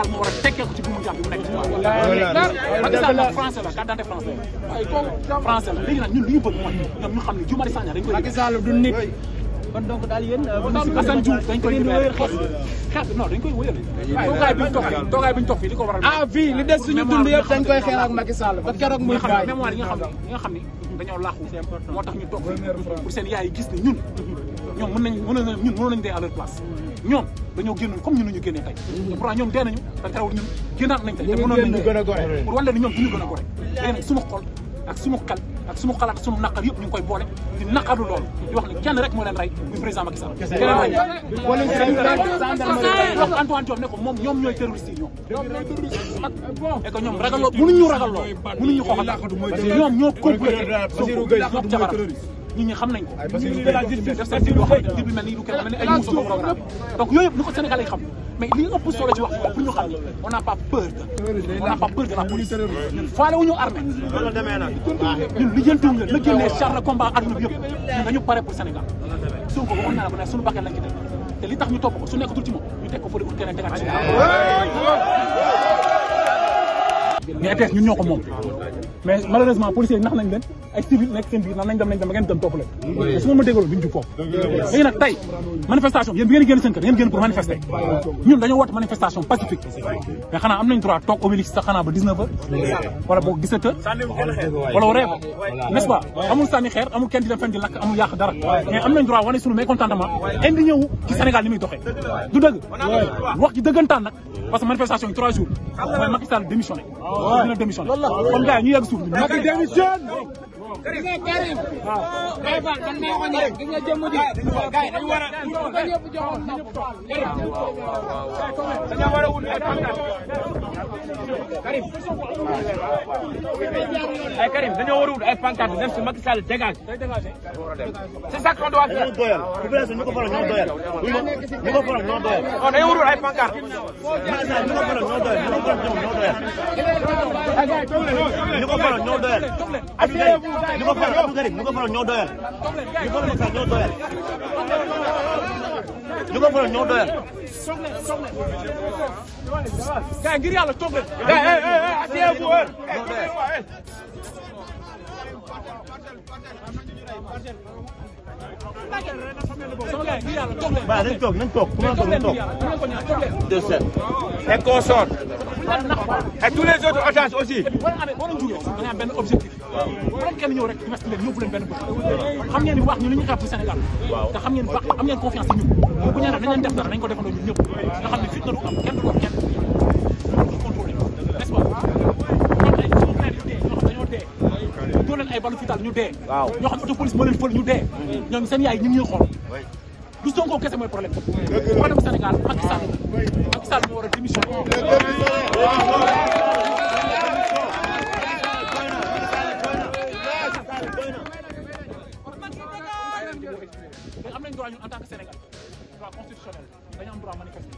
Sénégal moo war a tekkeeku ci bi mu jàpp bi mu nekk ci waaw Macky Sall nag français la candidat français français la léegi nag ñun li ñu bëgg mooy ñoom ñu xam ne Guy Marius Sagna dañ koy Macky Sall du nit kon donc daal yéen euh, Assane Diouf dañ koy wéyal xeex xeex non dañ koy wéyal toogaay bi ñu toog fii toogaay bi ñu toog fii li ko waral ah fii li des suñu dund yëpp dañ koy xeex ak Macky Sall ba keroog muy mémoire yi nga xam ne ñi nga xam ne dañoo laaxu moo tax ñu toog fii pour seen yaay gis ne ñun ñoom mën nañ mën nañ ñun mënoon nañ dee à leur place ñoom dañoo génnoon comme ñun ñu génnee tey te mm-hmm. pourtant ñoom dee nañu te terewul ñun génnaat nañ tey te mënoon nañ dee pour wan leen ni ñoom du ñu gën a gore léegi nag suma xol ak suma xel ak suma xalaat suma naqar yëpp ñu ngi koy boole di naqarlu loolu di wax ne kenn rek moo leen rey muy président Macky Sall kenn rey wax Antoine Diome ne ko moom ñoom ñooy terroriste yi ñoom et que ñoom ragal loo mënuñu ragal loo mënuñu xoxatal ñoom ñoo complété ñoo jabaram ñu ñi xam nañ ko de la def seen yoo xam ne début mel ni du kenn ay muusa donc yooyu yëpp ni ko Sénégalais xam mais li ëpp solo ci wax pour ñu xam ni on n'a pas peur de on n'a pas peur wu ñu armée ñun lijjantiwuñ la na génnee char de combat adduna bi yëpp ñun pare pour Sénégal Sonko waxoon naa la ko ne suñu bakkan lañ ci def te li tax ñu topp ko su nekkatul ci moom ñu teg ko fële ut keneen tegaat ci mais ETS ñun ñoo ko moom mais malheureusement policiers yi nax nañ dem nañ dem ba dem topp leen mais ma ma déggaloon jug foofu léegi nag tey manifestation yéen bi ngeen génn seen kër ngeen génn pour manifester ñun dañoo woote manifestation pacifique mais xanaa am nañ droit toog obélisque sax xanaa ba 19 wala boog 17 wala waree ko n'est-ce pas amul sànni xeer amul di dem fenn di dara mais am nañ droit wane suñu mécontentement indi ñëw ci Sénégal li muy doxee du dina démissionné kon gars yi ñu yegg suuf bi. démissionne gis nga Karim. waaw Baye Fall man maa ko ñëw gis nga jëmm ji. gars yi dañu war a gis ñëpp joxoon napp dañoo war a wut ay pancarte. Karim. ay Karim dañoo war a wut ay pancarte dem si Macky Sall dégage. c'est ça qu'on doit faire. ñu doyal population ñu ko faral ñoo doyal. ñu ko faral ñoo doyal. on dañoo warul ay pancarte. Macky Sall ñu ko faral ñoo doyal ñu ko faral ñoo doyal. ñu ko faral ñoo doyal. ñu ko faral Abdou Karim ñu ko faral ñoo doyal ñu ko faral ñoo doyal ñu ko faral ñoo doyal. gars ngir yàlla toog leen. gars eh eh eh waaw dañ toog nañ toog ku ma toog nañ toog. deux sept. et consort. et tous les autres otages aussi. waaw benn objectif. bu leen kenn ñëw rek ñu leen yóbbu leen benn bopp. xam ngeen ni wax ñu li ñu xeex Sénégal. te xam ngeen wax am ngeen confiance ci ñun. bu ñu naan dañ leen def dara nañ ko defandoo ñun ñëpp. nga xam ne fitna du am kenn du ko kenn. ay balu fital ñu dee ñoo xam auto police moo leen fël ñu dee mmh. ñoom seen yaay ñu ngi xool du Sonko kese mooy problème problème Sénégal Macky Sall Macky Sall moo war a démission am nañ droit ñun en tant que Sénégal droit constitutionnel dañu am droit manifester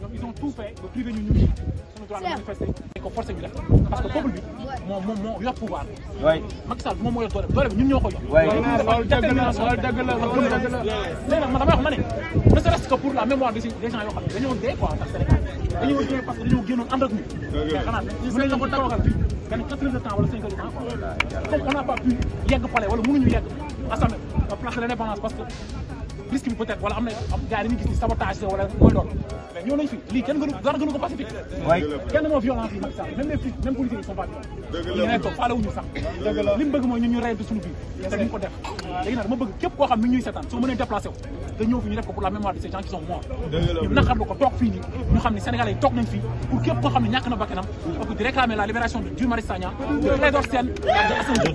donc ils ont tout fait ba privé ñu ñu ngi suñu droit de manifester. dañ ko forcé ñu def parce que peuple bi moom moom moo yor pouvoir. waay Macky Sall moom moo yor doole doole bi ñun ñoo ko yor. waay loolu dëgg la loolu dëgg la loolu dëgg la. léegi nag man damay wax ma ne ne serait-ce que pour la mémoire des des gens yoo xam ne dañoo dee quoi ndax Sénégal dañoo dee parce que dañoo génnoon ànd ak ñun. dëgg la xanaa mën nañu ko toogal fii benn quatre heures de temps wala cinq heures de temps quoi. comme on n'a pas pu yegg palais wala mënuñu yegg assemblée place de l'indépendance parce que risque bi peut-être wala am na gars yi dañuy gis ni sabotage la wala mooy loolu mais ñëw nañ fi lii kenn gënu dara gënu ko pacifique waaye kenn moo violence yi Macky Sall même les flics même policiers yi sont pas violents ñu ne toog faale wuñu sax li mu bëgg mooy ñun ñu reyante suñu biir te duñ ko def léegi nag dama bëgg képp koo xam mi ñuy seetaan soo mënee déplacé wu te ñëw fi ñu def ko pour la mémoire de ces gens qui sont morts ñu naqarlu ko toog fii nii ñu xam ne sénégalais yi toog nañ fii pour képp koo xam ne ñàkk na bakkanam parce que di réclamer la libération du Guy Marius Sagna de Clédor Sène de Assane Diop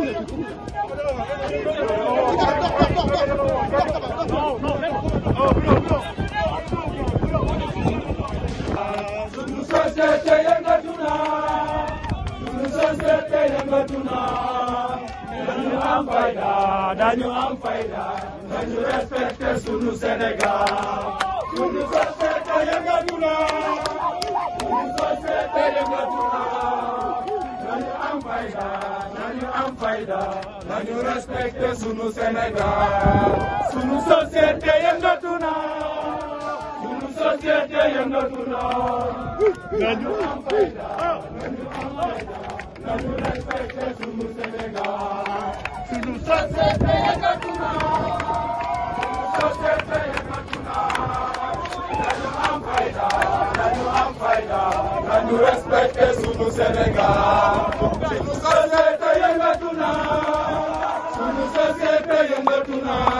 sante te yëngatu naa sunu sante te yëngatu naa dañu am fayda dañu am fayda dañu respecté sunu Sénégal sunu sante te yëngatu naa sunu sante te yëngatu naa dañu am fayda dañu am fayda dañu respecté sunu Sénégal sunu sante te yëngatu naa société yëngatu na. nañu am fayda nañu am fayda nañu respecté sunu Sénégal. sunu société yëngatu na. sunu société yëngatu na. nañu am fayda nañu am fayda nañu respecté sunu Sénégal. sunu société yëngatu na. sunu société yëngatu na.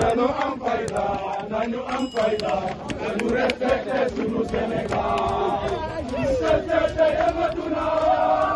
nañu am fayda nañu am fayda nañu respecté sunu Sénégal.